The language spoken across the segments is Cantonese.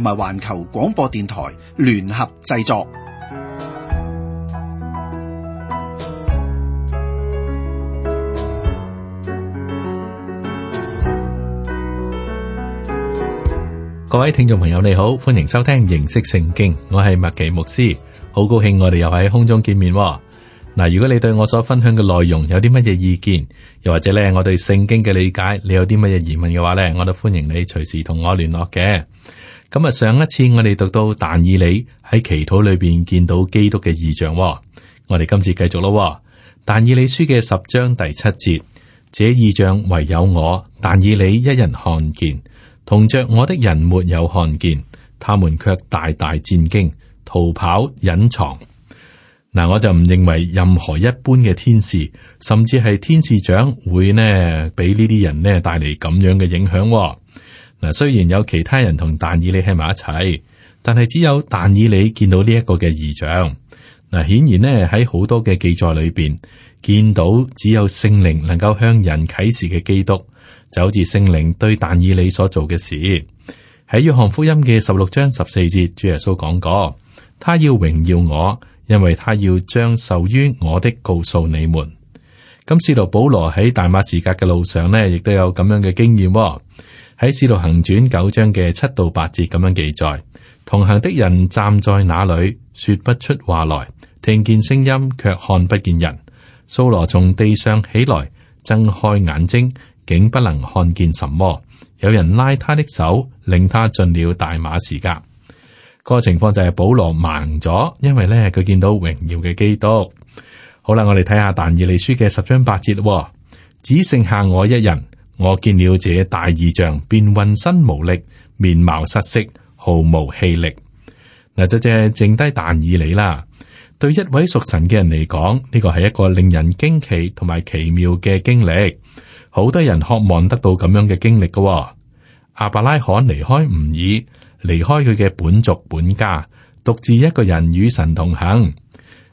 同埋環球廣播電台聯合製作。各位聽眾朋友，你好，歡迎收聽《認識聖經》，我係麥奇牧師，好高興我哋又喺空中見面。嗱，如果你對我所分享嘅內容有啲乜嘢意見，又或者咧我對聖經嘅理解，你有啲乜嘢疑問嘅話咧，我都歡迎你隨時同我聯絡嘅。咁啊！上一次我哋讀到但以理喺祈禱裏邊見到基督嘅異象，哦，我哋今次繼續咯。但以理書嘅十章第七節，這異象唯有我但以理一人看見，同着我的人沒有看見，他們卻大大戰驚，逃跑隱藏。嗱，我就唔認為任何一般嘅天使，甚至係天使長會呢，俾呢啲人呢帶嚟咁樣嘅影響，哦。嗱，雖然有其他人同但以理喺埋一齊，但係只有但以理見到呢一個嘅異象。嗱，顯然呢，喺好多嘅記載裏邊，見到只有聖靈能夠向人啟示嘅基督，就好似聖靈對但以理所做嘅事。喺約翰福音嘅十六章十四節，主耶穌講過，他要榮耀我，因為他要將受於我的告訴你們。咁，使徒保羅喺大馬士革嘅路上呢，亦都有咁樣嘅經驗哦。喺《使徒行傳》九章嘅七到八節咁樣記載，同行的人站在那裡說不出話來，聽見聲音卻看不見人。掃羅從地上起來，睜開眼睛，竟不能看見什麼。有人拉他的手，令他進了大馬士革。這個情況就係保羅盲咗，因為呢，佢見到榮耀嘅基督。好啦，我哋睇下但以理書嘅十章八節，哦，只剩下我一人。我見了這大異象，便渾身無力，面貌失色，毫無氣力。嗱，只只剩低但以理啦。對一位屬神嘅人嚟講，呢個係一個令人驚奇同埋奇妙嘅經歷。好多人渴望得到咁樣嘅經歷噶、哦。阿伯拉罕離開吾爾，離開佢嘅本族本家，獨自一個人與神同行。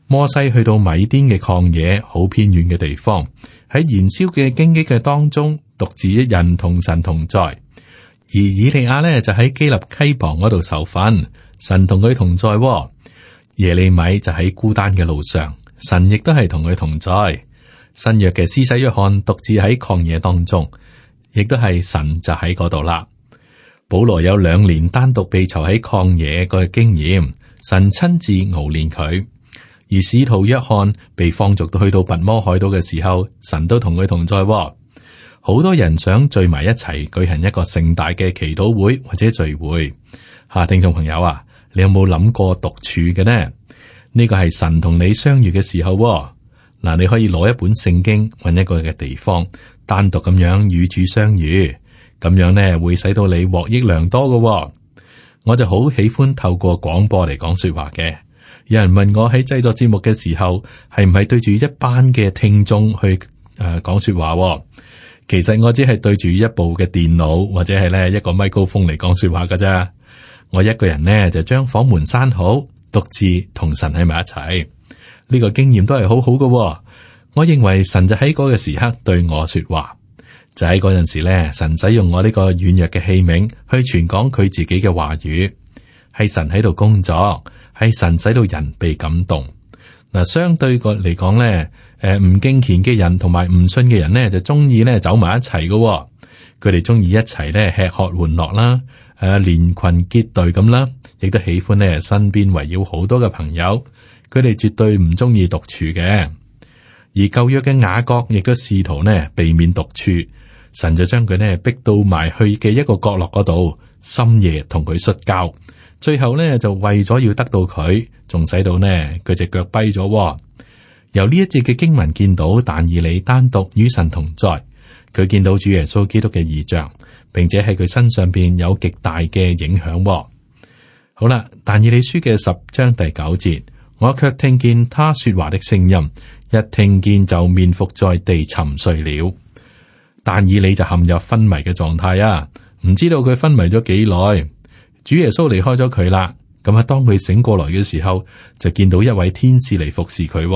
摩西去到米甸嘅曠野，好偏遠嘅地方，喺燃燒嘅荊棘嘅當中。獨自一人同神同在，而以利亞呢就喺基立溪旁嗰度受訓，神同佢同在，哦。耶利米就喺孤單嘅路上，神亦都係同佢同在。新約嘅施洗約翰獨自喺曠野當中，亦都係神就喺嗰度啦。保羅有兩年單獨被囚喺曠野嘅經驗，神親自熬練佢。而使徒約翰被放逐到去到拔摩海島嘅時候，神都同佢同在，哦。好多人想聚埋一齊舉行一個盛大嘅祈禱會或者聚會吓、啊，聽眾朋友啊，你有冇諗過獨處嘅呢？呢個係神同你相遇嘅時候嗱、哦啊，你可以攞一本聖經，搵一個嘅地方，單獨咁樣與主相遇，咁樣呢會使到你獲益良多嘅、哦。我就好喜歡透過廣播嚟講說，說話嘅。有人問我喺製作節目嘅時候係唔係對住一班嘅聽眾去誒講、呃、說話、哦。其實我只係對住一部嘅電腦或者係咧一個咪高峰，嚟講說話噶啫，我一個人呢，就將房門閂好，獨自同神喺埋一齊。呢、這個經驗都係好好噶、哦，我認為神就喺嗰個時刻對我說話，就喺嗰陣時咧，神使用我呢個軟弱嘅器皿去傳講佢自己嘅話語，係神喺度工作，係神使到人被感動。嗱，相對個嚟講咧，誒，唔敬虔嘅人同埋唔信嘅人咧，就中意咧走埋一齊嘅、哦，佢哋中意一齊咧吃喝玩樂啦，誒、啊、連群結隊咁啦，亦都喜歡咧身邊圍繞好多嘅朋友，佢哋絕對唔中意獨處嘅。而舊約嘅雅各亦都試圖咧避免獨處，神就將佢咧逼到埋去嘅一個角落嗰度，深夜同佢摔跤，最後呢，就為咗要得到佢，仲使到呢，佢隻腳跛咗。由呢一節嘅經文見到，但以理單獨與神同在，佢見到主耶穌基督嘅異象，並且喺佢身上邊有極大嘅影響。好啦，但以理書嘅十章第九節，我卻聽見他說話的聲音，一聽見就面伏在地沉睡了。但以理就陷入昏迷嘅狀態啊，唔知道佢昏迷咗幾耐。主耶穌離開咗佢啦，咁啊，當佢醒過來嘅時候，就見到一位天使嚟服侍佢。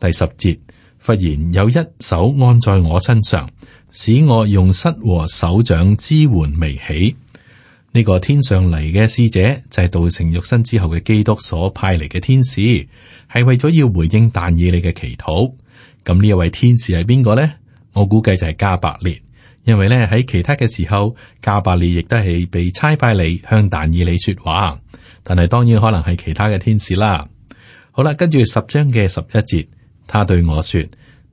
第十節，忽然有一手按在我身上，使我用膝和手掌支援微起。呢、這個天上嚟嘅使者就係、是、道成肉身之後嘅基督所派嚟嘅天使，係為咗要回應但以理嘅祈禱。咁呢一位天使係邊個呢？我估計就係加百列，因為咧喺其他嘅時候，加百列亦都係被差派嚟向但以理說話。但係當然可能係其他嘅天使啦。好啦，跟住十章嘅十一節。他對我說：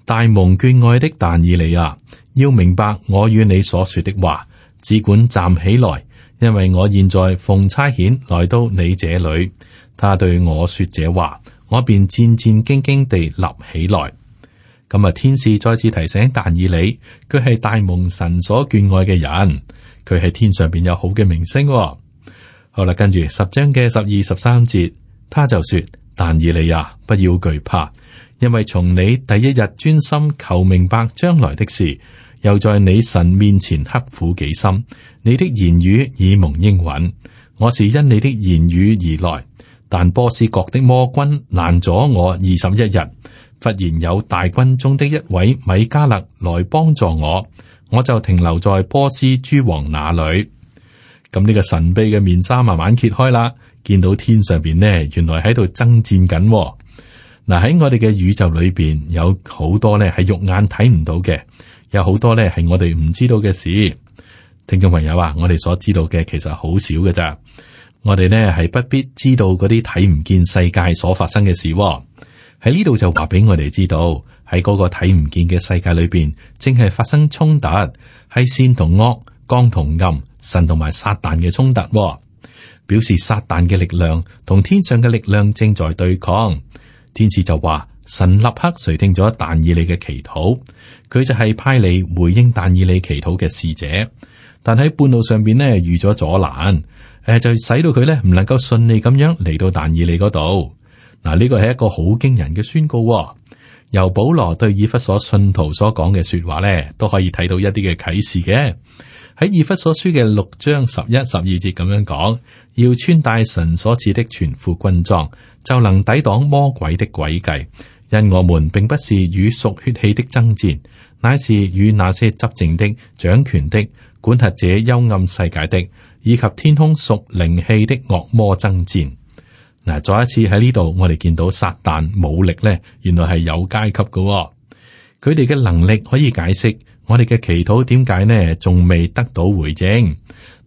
大蒙眷愛的但以理啊，要明白我與你所說的話，只管站起來，因為我現在奉差遣來到你這裏。他對我說這話，我便戰戰兢兢地立起來。咁啊，天使再次提醒但以理，佢係大蒙神所眷愛嘅人，佢係天上邊有好嘅明星喎。好啦，跟住十章嘅十二十三節，他就說：但以理啊，不要懼怕。因為從你第一日專心求明白將來的事，又在你神面前刻苦己心。你的言語已蒙應允。我是因你的言語而來，但波斯國的魔君攔咗我二十一日，忽然有大軍中的一位米加勒來幫助我，我就停留在波斯諸王那裏。咁呢個神秘嘅面紗慢慢揭開啦，見到天上邊呢，原來喺度征戰緊，啊。嗱喺我哋嘅宇宙裏邊，有好多咧，係肉眼睇唔到嘅，有好多咧，係我哋唔知道嘅事。聽眾朋友啊，我哋所知道嘅其實好少嘅咋。我哋呢係不必知道嗰啲睇唔見世界所發生嘅事喎。喺呢度就話俾我哋知道，喺嗰個睇唔見嘅世界裏邊正係發生衝突，係善同惡、光同暗、神同埋撒旦嘅衝突，表示撒旦嘅力量同天上嘅力量正在對抗。天使就話：神立刻垂聽咗但以理嘅祈禱，佢就係派你回應但以理祈禱嘅使者，但喺半路上邊呢遇咗阻攔，誒就使到佢咧唔能夠順利咁樣嚟到但以理嗰度。嗱呢個係一個好驚人嘅宣告，哦，由保羅對以弗所信徒所講嘅說話咧，都可以睇到一啲嘅啟示嘅。喺以弗所書嘅六章十一、十二節咁樣講，要穿戴神所賜的全副軍裝，就能抵擋魔鬼的詭計，因我們並不是與屬血氣的爭戰，乃是與那些執政的、掌權的、管轄這幽暗世界的，以及天空屬靈氣的惡魔爭戰。嗱，再一次喺呢度，我哋見到撒旦武力咧，原來係有階級嘅、哦，佢哋嘅能力可以解釋我哋嘅祈禱點解咧，仲未得到回正。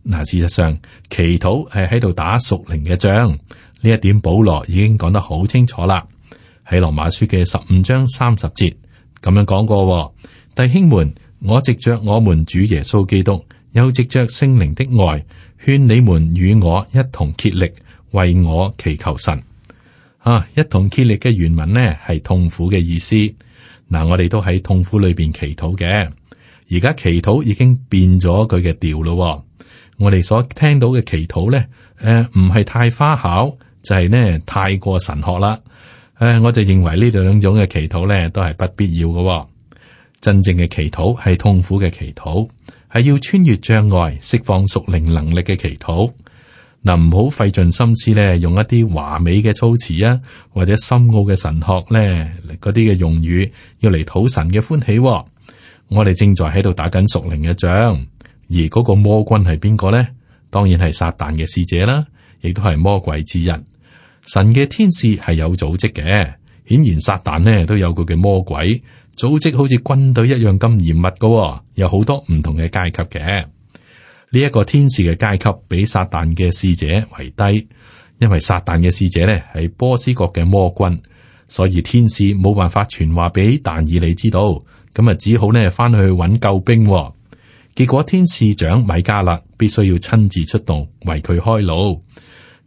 嗱，事實上祈禱係喺度打屬靈嘅仗。呢一點保羅已經講得好清楚啦，喺羅馬書嘅十五章三十節咁樣講過、哦，弟兄們，我藉着我們主耶穌基督，又藉着聖靈的愛，勸你們與我一同竭力，為我祈求神。啊，一同竭力嘅原文呢係痛苦嘅意思。嗱、啊，我哋都喺痛苦裏邊祈禱嘅，而家祈禱已經變咗佢嘅調咯。我哋所聽到嘅祈禱呢，誒唔係太花巧。就係呢太過神學啦，誒，我就認為呢度兩種嘅祈禱咧都係不必要嘅，哦。真正嘅祈禱係痛苦嘅祈禱，係要穿越障礙釋放屬靈能力嘅祈禱。嗱，唔好費盡心思咧，用一啲華美嘅措詞啊，或者深奧嘅神學咧，嗰啲嘅用語要嚟討神嘅歡喜，哦。我哋正在喺度打緊屬靈嘅仗，而嗰個魔君係邊個咧？當然係撒旦嘅使者啦，亦都係魔鬼之人。神嘅天使係有組織嘅，顯然撒旦咧都有佢嘅魔鬼組織，好似軍隊一樣咁嚴密嘅，有好多唔同嘅階級嘅。呢、這、一個天使嘅階級比撒旦嘅使者為低，因為撒旦嘅使者咧係波斯國嘅魔君，所以天使冇辦法傳話俾但以理知道，咁啊，只好咧翻去搵救兵。結果天使長米迦勒必須要親自出動為佢開路。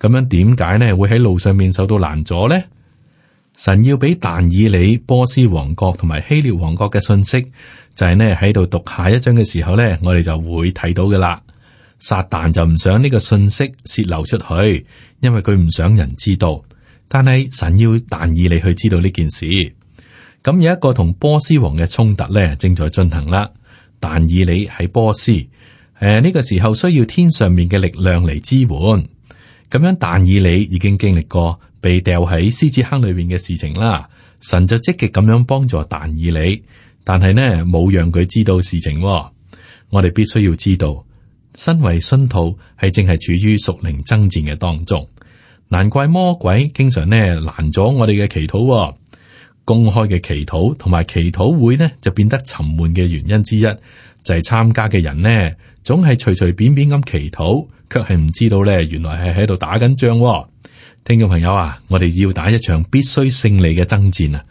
咁樣點解呢？會喺路上面受到攔阻呢？神要俾但以理波斯王國同埋希臘王國嘅信息，就係呢喺度讀下一章嘅時候呢，我哋就會睇到嘅啦。撒但就唔想呢個信息洩漏出去，因為佢唔想人知道。但係神要但以理去知道呢件事。咁有一個同波斯王嘅衝突呢，正在進行啦。但以理喺波斯，誒、呃、呢、這個時候需要天上面嘅力量嚟支援。咁樣，但以理已經經歷過被掉喺獅子坑裏面嘅事情啦。神就積極咁樣幫助但以理，但係呢冇讓佢知道事情，哦。我哋必須要知道，身為信徒係正係處於屬靈爭戰嘅當中，難怪魔鬼經常呢攔阻我哋嘅祈禱，哦。公開嘅祈禱同埋祈禱會呢就變得沉悶嘅原因之一，就係、是、參加嘅人呢總係隨隨便便咁祈禱。卻係唔知道呢，原來係喺度打緊仗喎。聽眾朋友啊，我哋要打一場必須勝利嘅爭戰啊！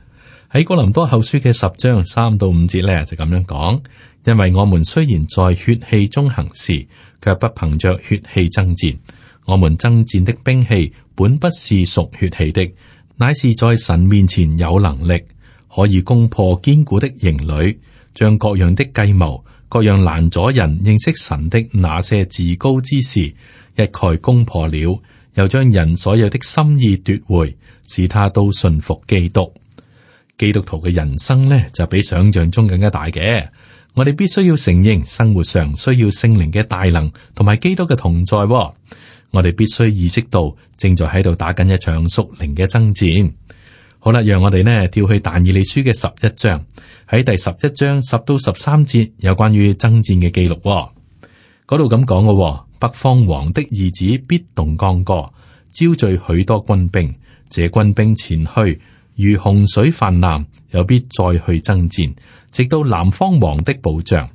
喺哥林多後書嘅十章三到五節呢，就咁樣講，因為我們雖然在血氣中行事，卻不憑着血氣爭戰。我們爭戰的兵器本不是屬血氣的，乃是在神面前有能力，可以攻破堅固的營壘，將各樣的計謀。各樣攔阻人認識神的那些自高之事，一概攻破了，又將人所有的心意奪回，使他都順服基督。基督徒嘅人生呢，就比想象中更加大嘅。我哋必須要承認，生活上需要聖靈嘅大能，同埋基督嘅同在。我哋必須意識到，正在喺度打緊一場屬靈嘅爭戰。好啦，讓我哋呢跳去《但以理書》嘅十一章，喺第十一章十到十三節有關於爭戰嘅記錄。嗰度咁講嘅北方王的兒子必動干戈，招聚許多軍兵，這軍兵前去，如洪水氾濫，又必再去爭戰，直到南方王的保障。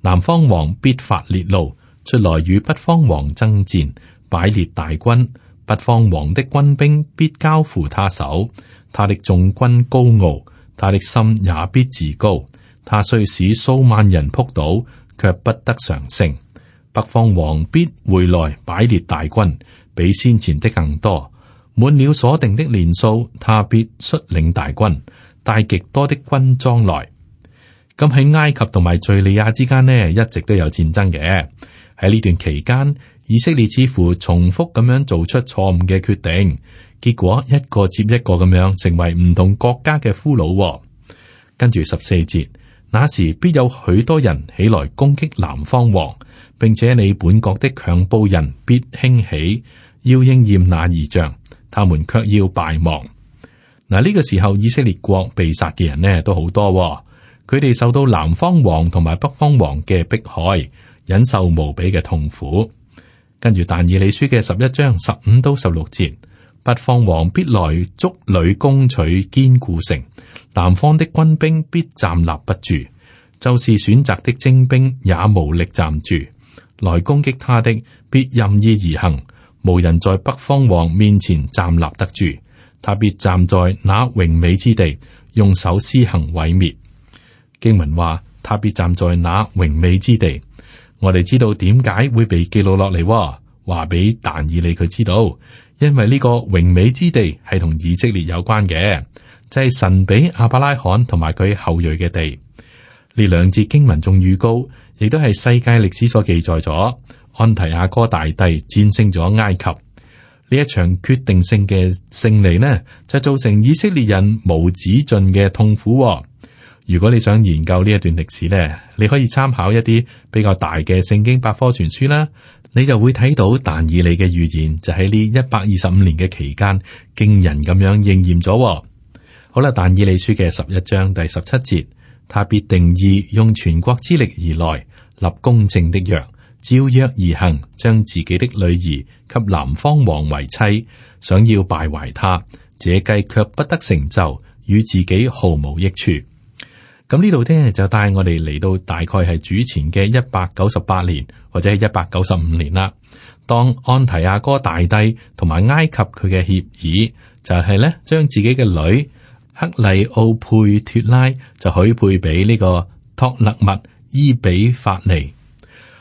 南方王必發列路出來與北方王爭戰，擺列大軍，北方王的軍兵必交付他手。他的眾軍高傲，他的心也必自高。他雖使數萬人撲倒，卻不得常勝。北方王必回來擺列大軍，比先前的更多。滿了所定的年數，他必率領大軍，帶極多的軍裝來。咁喺埃及同埋敘利亞之間呢，一直都有戰爭嘅。喺呢段期間，以色列似乎重複咁樣做出錯誤嘅決定。結果一個接一個咁樣，成為唔同國家嘅俘虜，哦。跟住，十四節，那時必有許多人起來攻擊南方王，並且你本國的強暴人必興起，要應驗那異象，他們卻要敗亡。嗱，呢個時候以色列國被殺嘅人呢都好多，哦，佢哋受到南方王同埋北方王嘅迫害，忍受無比嘅痛苦。跟住但以理書嘅十一章十五到十六節。北方王必來築壘攻取堅固城，南方的軍兵必站立不住，就是選擇的精兵也無力站住。來攻擊他的，必任意而行，無人在北方王面前站立得住。他必站在那榮美之地，用手施行毀滅。經文話，他必站在那榮美之地。我哋知道點解會被記錄落嚟，話俾但以理佢知道。因為呢個榮美之地係同以色列有關嘅，就係、是、神俾亞伯拉罕同埋佢後裔嘅地。呢兩節經文仲預告，亦都係世界歷史所記載咗，安提阿哥大帝戰勝咗埃及，呢一場決定性嘅勝利呢，就造成以色列人無止盡嘅痛苦、哦。如果你想研究呢一段歷史呢，你可以參考一啲比較大嘅聖經百科全書啦。你就會睇到但以理嘅預言就喺呢一百二十五年嘅期間驚人咁樣應驗咗。好啦，但以理書嘅十一章第十七節，他必定意用全國之力而來立公正的約，照約而行，將自己的女兒給南方王為妻，想要敗壞他，這計卻不得成就，與自己毫無益處。咁呢度呢就帶我哋嚟到大概係主前嘅一百九十八年。或者係一百九十五年啦。當安提阿哥大帝同埋埃及佢嘅協議就係咧，將自己嘅女克麗奧佩脫拉就許配俾呢個托勒密伊比法尼。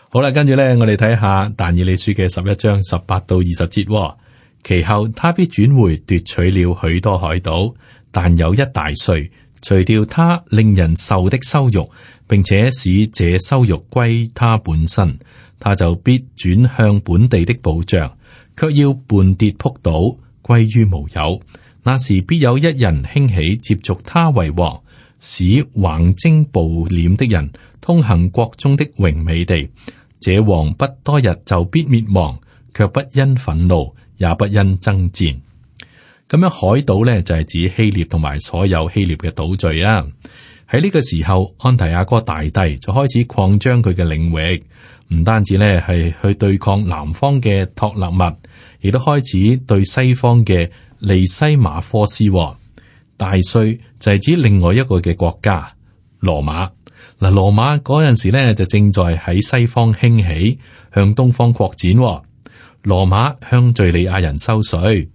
好啦，跟住咧，我哋睇下但以理書嘅十一章十八到二十節。其後他必轉回奪取了許多海島，但有一大帥，除掉他令人受的羞辱，並且使這羞辱歸他本身。他就必轉向本地的保障，卻要絆跌仆倒，歸於無有。那時必有一人興起，接續他為王，使橫徵暴斂的人通行國中的榮美地。這王不多日就必滅亡，卻不因憤怒，也不因爭戰。咁樣海島呢就係、是、指希臘同埋所有希臘嘅島嶼啊。喺呢個時候，安提阿哥大帝就開始擴張佢嘅領域。唔單止呢係去對抗南方嘅托勒密，亦都開始對西方嘅利西馬科斯。大稅就係指另外一個嘅國家羅馬嗱。羅馬嗰陣時呢，就正在喺西方興起，向東方擴展。羅馬向敘利亞人收稅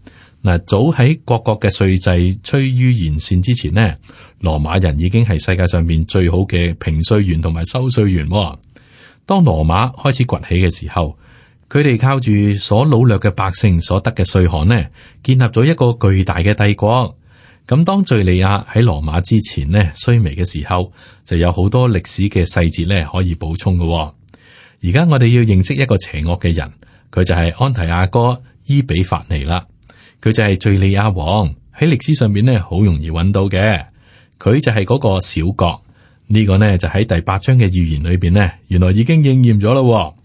嗱，早喺各國嘅稅制趨於完善之前呢，羅馬人已經係世界上面最好嘅評稅員同埋收稅員。當羅馬開始崛起嘅時候，佢哋靠住所擄掠嘅百姓所得嘅稅項呢，建立咗一個巨大嘅帝國。咁當敘利亞喺羅馬之前呢衰微嘅時候，就有好多歷史嘅細節呢可以補充嘅哦。而家我哋要認識一個邪惡嘅人，佢就係安提阿哥伊比法尼啦，佢就係敘利亞王喺歷史上面呢好容易揾到嘅，佢就係嗰個小國。呢個呢就喺第八章嘅預言裏邊呢，原來已經應驗咗咯。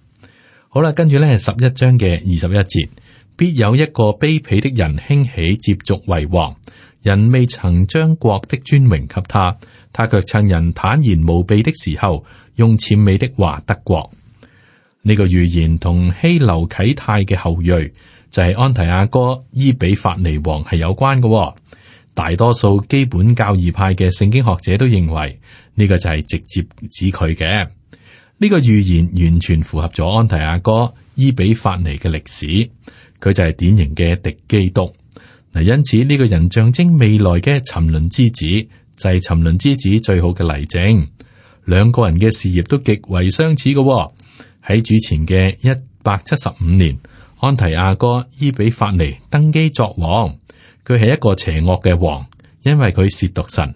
好啦，跟住呢係十一章嘅二十一節，必有一個卑鄙的人興起，接續為王。人未曾將國的尊榮給他，他卻趁人坦然無備的時候，用諂媚的話得國。呢、這個預言同希留啟泰嘅後裔，就係、是、安提阿哥伊比法尼王係有關嘅。大多數基本教義派嘅聖經學者都認為呢個就係直接指佢嘅呢個預言完全符合咗安提阿哥伊比法尼嘅歷史，佢就係典型嘅敵基督。嗱，因此呢個人象徵未來嘅沉淪之子，就係沉淪之子最好嘅例證。兩個人嘅事業都極為相似嘅喎。喺主前嘅一百七十五年，安提阿哥伊比法尼登基作王。佢係一個邪惡嘅王，因為佢褻瀆神。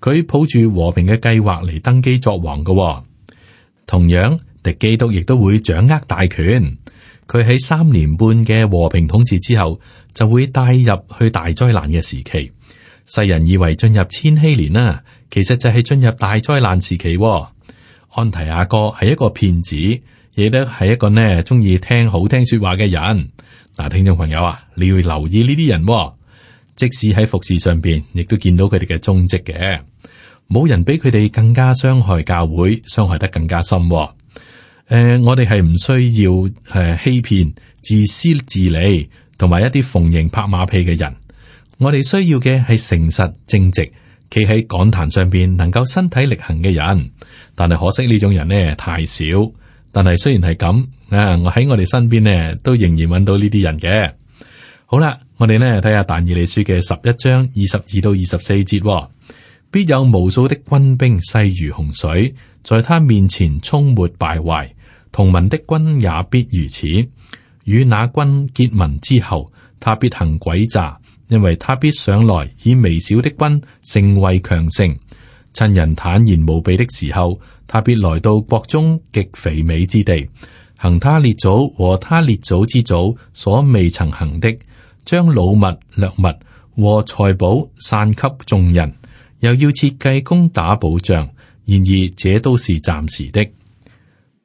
佢抱住和平嘅計劃嚟登基作王嘅、哦。同樣，敵基督亦都會掌握大權。佢喺三年半嘅和平統治之後，就會帶入去大災難嘅時期。世人以為進入千禧年啦、啊，其實就係進入大災難時期、哦。安提亞哥係一個騙子，亦都係一個呢中意聽好聽說話嘅人。嗱，聽眾朋友啊，你要留意呢啲人、哦。即使喺服侍上邊，亦都見到佢哋嘅蹤跡嘅，冇人比佢哋更加傷害教會，傷害得更加深、哦。誒、呃，我哋係唔需要誒、呃、欺騙、自私自利同埋一啲逢迎拍馬屁嘅人，我哋需要嘅係誠實正直，企喺講壇上邊能夠身體力行嘅人。但係可惜呢種人呢太少。但係雖然係咁啊，我喺我哋身邊呢都仍然搵到呢啲人嘅。好啦。我哋呢睇下《但以理書》嘅十一章二十二到二十四節，必有無數的軍兵勢如洪水，在他面前沖沒敗壞。同盟的軍也必如此。與那軍結盟之後，他必行詭詐，因為他必上來以微小的軍成為強盛。趁人坦然無備的時候，他必來到國中極肥美之地，行他列祖和他列祖之祖所未曾行的。將老物掠物和財寶散給眾人，又要設計攻打保障。然而，這都是暫時的。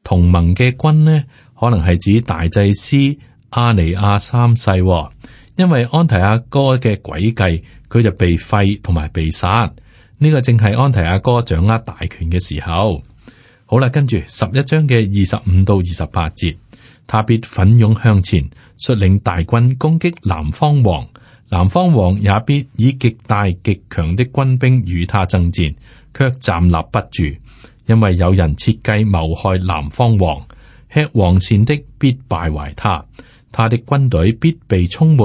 同盟嘅軍呢，可能係指大祭司阿尼亞三世，哦，因為安提阿哥嘅詭計，佢就被廢同埋被殺。呢、這個正係安提阿哥掌握大權嘅時候。好啦，跟住十一章嘅二十五到二十八節，他必奮勇向前。率領大軍攻擊南方王，南方王也必以極大極強的軍兵與他爭戰，卻站立不住，因為有人設計謀害南方王。吃王膳的必敗壞他，他的軍隊必被沖沒，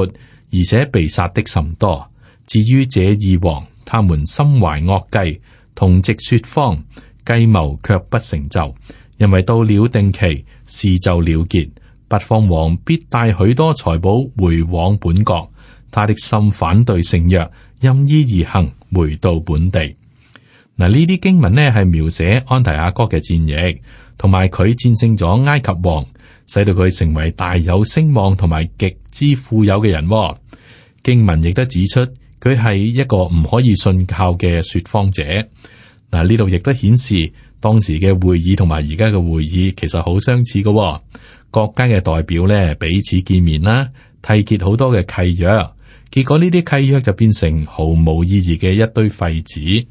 而且被殺的甚多。至於這二王，他們心懷惡計，同席說謊，計謀卻不成就，因為到了定期，事就了結。北方王必帶許多財寶回往本國，他的心反對聖約，任意而行，回到本地。嗱，呢啲經文呢係描寫安提阿哥嘅戰役，同埋佢戰勝咗埃及王，使到佢成為大有聲望同埋極之富有嘅人。經文亦都指出佢係一個唔可以信靠嘅說謊者。嗱，呢度亦都顯示當時嘅會議同埋而家嘅會議其實好相似嘅。國家嘅代表呢，彼此見面啦，締結好多嘅契約。結果呢啲契約就變成毫無意義嘅一堆廢紙。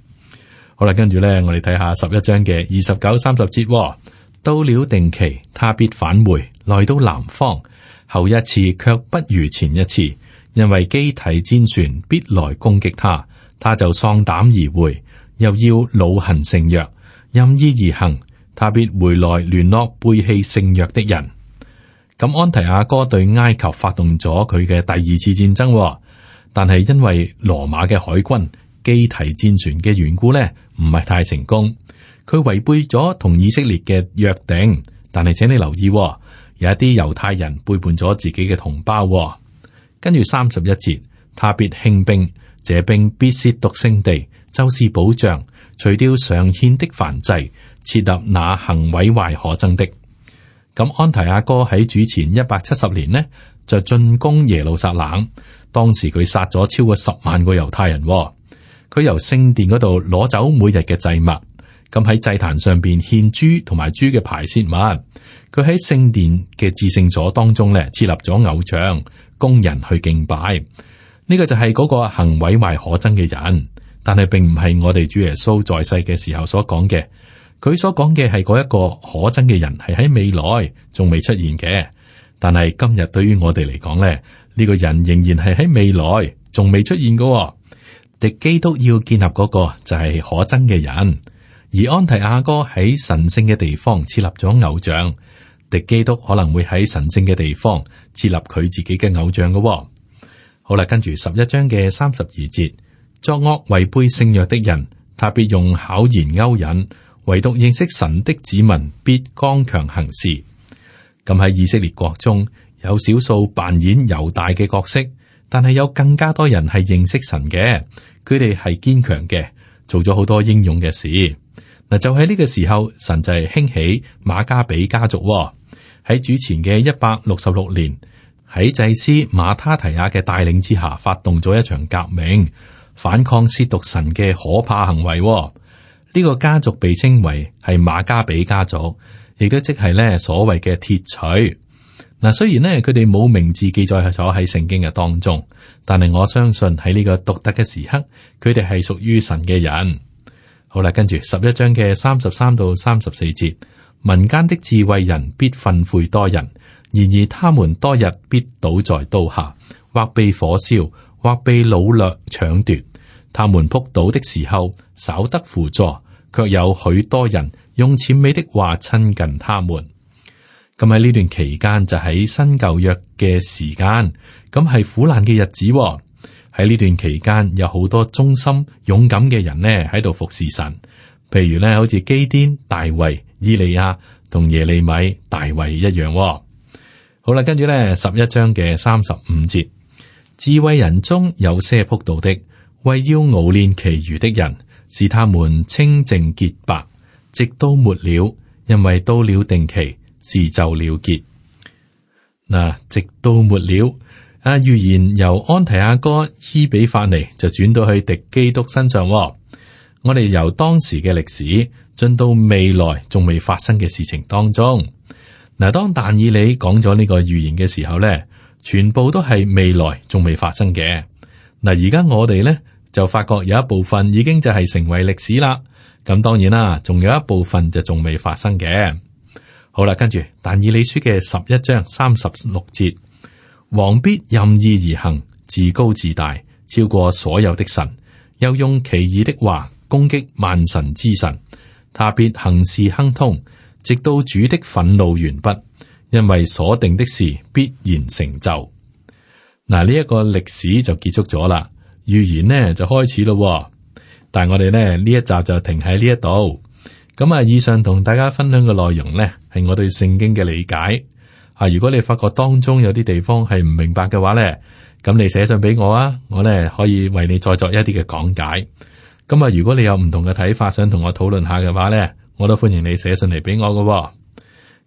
好啦，跟住呢，我哋睇下十一章嘅二十九、三十節。到了定期，他必返回來到南方。後一次卻不如前一次，因為基提戰船必來攻擊他，他就喪膽而回，又要惱恨聖約，任意而行。他必回來聯絡背棄聖約的人。咁安提阿哥對埃及發動咗佢嘅第二次戰爭，哦，但係因為羅馬嘅海軍基提戰船嘅緣故呢，唔係太成功。佢違背咗同以色列嘅約定，但係請你留意，哦，有一啲猶太人背叛咗自己嘅同胞，哦。跟住三十一節，他必興兵，這兵必褻瀆聖地，就是保障除掉上獻的燔祭，設立那行毀壞可憎的。咁安提阿哥喺主前一百七十年呢，就進攻耶路撒冷。當時佢殺咗超過十萬個猶太人、哦。佢由聖殿嗰度攞走每日嘅祭物，咁喺祭壇上邊獻豬同埋豬嘅排泄物。佢喺聖殿嘅至聖所當中呢，設立咗偶像，供人去敬拜。呢、這個就係嗰個行毀壞可憎嘅人，但係並唔係我哋主耶穌在世嘅時候所講嘅。佢所講嘅係嗰一個可憎嘅人，係喺未來仲未出現嘅。但係今日對於我哋嚟講咧，呢個人仍然係喺未來仲未出現嘅、哦。敵基督要建立嗰個就係可憎嘅人，而安提阿哥喺神聖嘅地方設立咗偶像，敵基督可能會喺神聖嘅地方設立佢自己嘅偶像嘅、哦。好啦，跟住十一章嘅三十二節，作惡違背聖約的人，特別用巧言勾引。唯獨認識神的子民，必剛強行事。咁喺以色列國中有少數扮演猶大嘅角色，但係有更加多人係認識神嘅，佢哋係堅強嘅，做咗好多英勇嘅事。嗱，就喺呢個時候，神就係興起馬加比家族喺、哦、主前嘅一百六十六年，喺祭司馬他提亞嘅帶領之下，發動咗一場革命，反抗褻瀆神嘅可怕行為、哦。呢個家族被稱為係馬加比家族，亦都即係咧所謂嘅鐵錘。嗱，雖然咧佢哋冇名字記載喺咗喺聖經嘅當中，但係我相信喺呢個獨特嘅時刻，佢哋係屬於神嘅人。好啦，跟住十一章嘅三十三到三十四節，民間的智慧人必訓誨多人，然而他們多日必倒在刀下，或被火燒，或被擄掠搶奪。他們僕倒的時候，稍得扶助。卻有許多人用諂媚的話親近他們。咁喺呢段期間就喺新舊約嘅時間，咁係苦難嘅日子、哦。喺呢段期間有好多忠心勇敢嘅人呢喺度服侍神。譬如呢，好似基甸、大衛、以利亞同耶利米、大衛一樣、哦。好啦，跟住呢十一章嘅三十五節，智慧人中有些仆倒的，為要熬練其餘的人。使他們清淨潔白直，直到末了，因為到了定期事就了結。嗱，直到末了，啊，預言由安提阿哥伊比法尼就轉到去敵基督身上、哦。我哋由當時嘅歷史進到未來仲未發生嘅事情當中。嗱，當但以理講咗呢個預言嘅時候咧，全部都係未來仲未發生嘅。嗱，而家我哋咧。就發覺有一部分已經就係成為歷史啦，咁當然啦，仲有一部分就仲未發生嘅。好啦，跟住，但以理書嘅十一章三十六節，王必任意而行，自高自大，超過所有的神，又用奇異的話攻擊萬神之神，他必行事亨通，直到主的憤怒完畢，因為所定的事必然成就。嗱，呢一個歷史就結束咗啦。預言呢，就開始咯喎，但係我哋呢，呢一集就停喺呢一度。咁啊，以上同大家分享嘅內容呢，係我對聖經嘅理解。啊，如果你發覺當中有啲地方係唔明白嘅話呢，咁你寫信俾我啊，我呢可以為你再作一啲嘅講解。咁啊，如果你有唔同嘅睇法，想同我討論下嘅話呢，我都歡迎你寫信嚟俾我噶喎。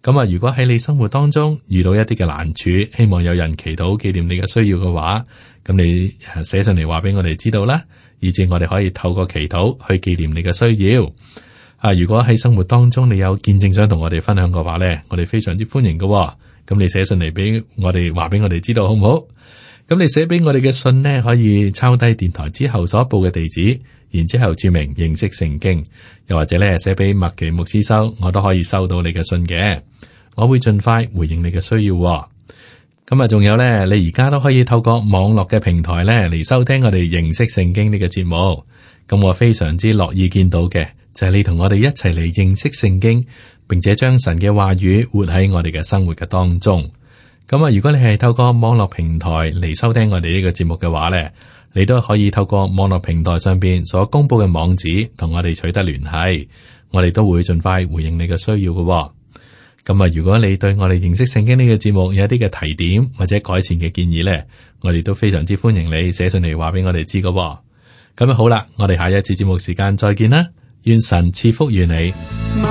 咁啊，如果喺你生活當中遇到一啲嘅難處，希望有人祈禱紀念你嘅需要嘅話。咁你寫信嚟，話俾我哋知道啦，以至我哋可以透過祈禱去紀念你嘅需要。啊，如果喺生活當中你有見證想同我哋分享嘅話咧，我哋非常之歡迎嘅、哦。咁你寫信嚟俾我哋，話俾我哋知道好唔好？咁你寫俾我哋嘅信呢，可以抄低電台之後所報嘅地址，然之後注明認識聖經，又或者咧寫俾麥琪牧師收，我都可以收到你嘅信嘅，我會盡快回應你嘅需要、哦。咁啊，仲有咧，你而家都可以透過網絡嘅平台咧嚟收聽我哋認識聖經呢個節目。咁我非常之樂意見到嘅，就係你同我哋一齊嚟認識聖經，並且將神嘅話語活喺我哋嘅生活嘅當中。咁啊，如果你係透過網絡平台嚟收聽我哋呢個節目嘅話咧，你都可以透過網絡平台上邊所公布嘅網址同我哋取得聯繫，我哋都會盡快回應你嘅需要嘅。咁啊，如果你對我哋認識聖經呢個節目有一啲嘅提點或者改善嘅建議呢，我哋都非常之歡迎你寫信嚟話俾我哋知嘅。咁樣好啦，我哋下一次節目時間再見啦，願神賜福於你。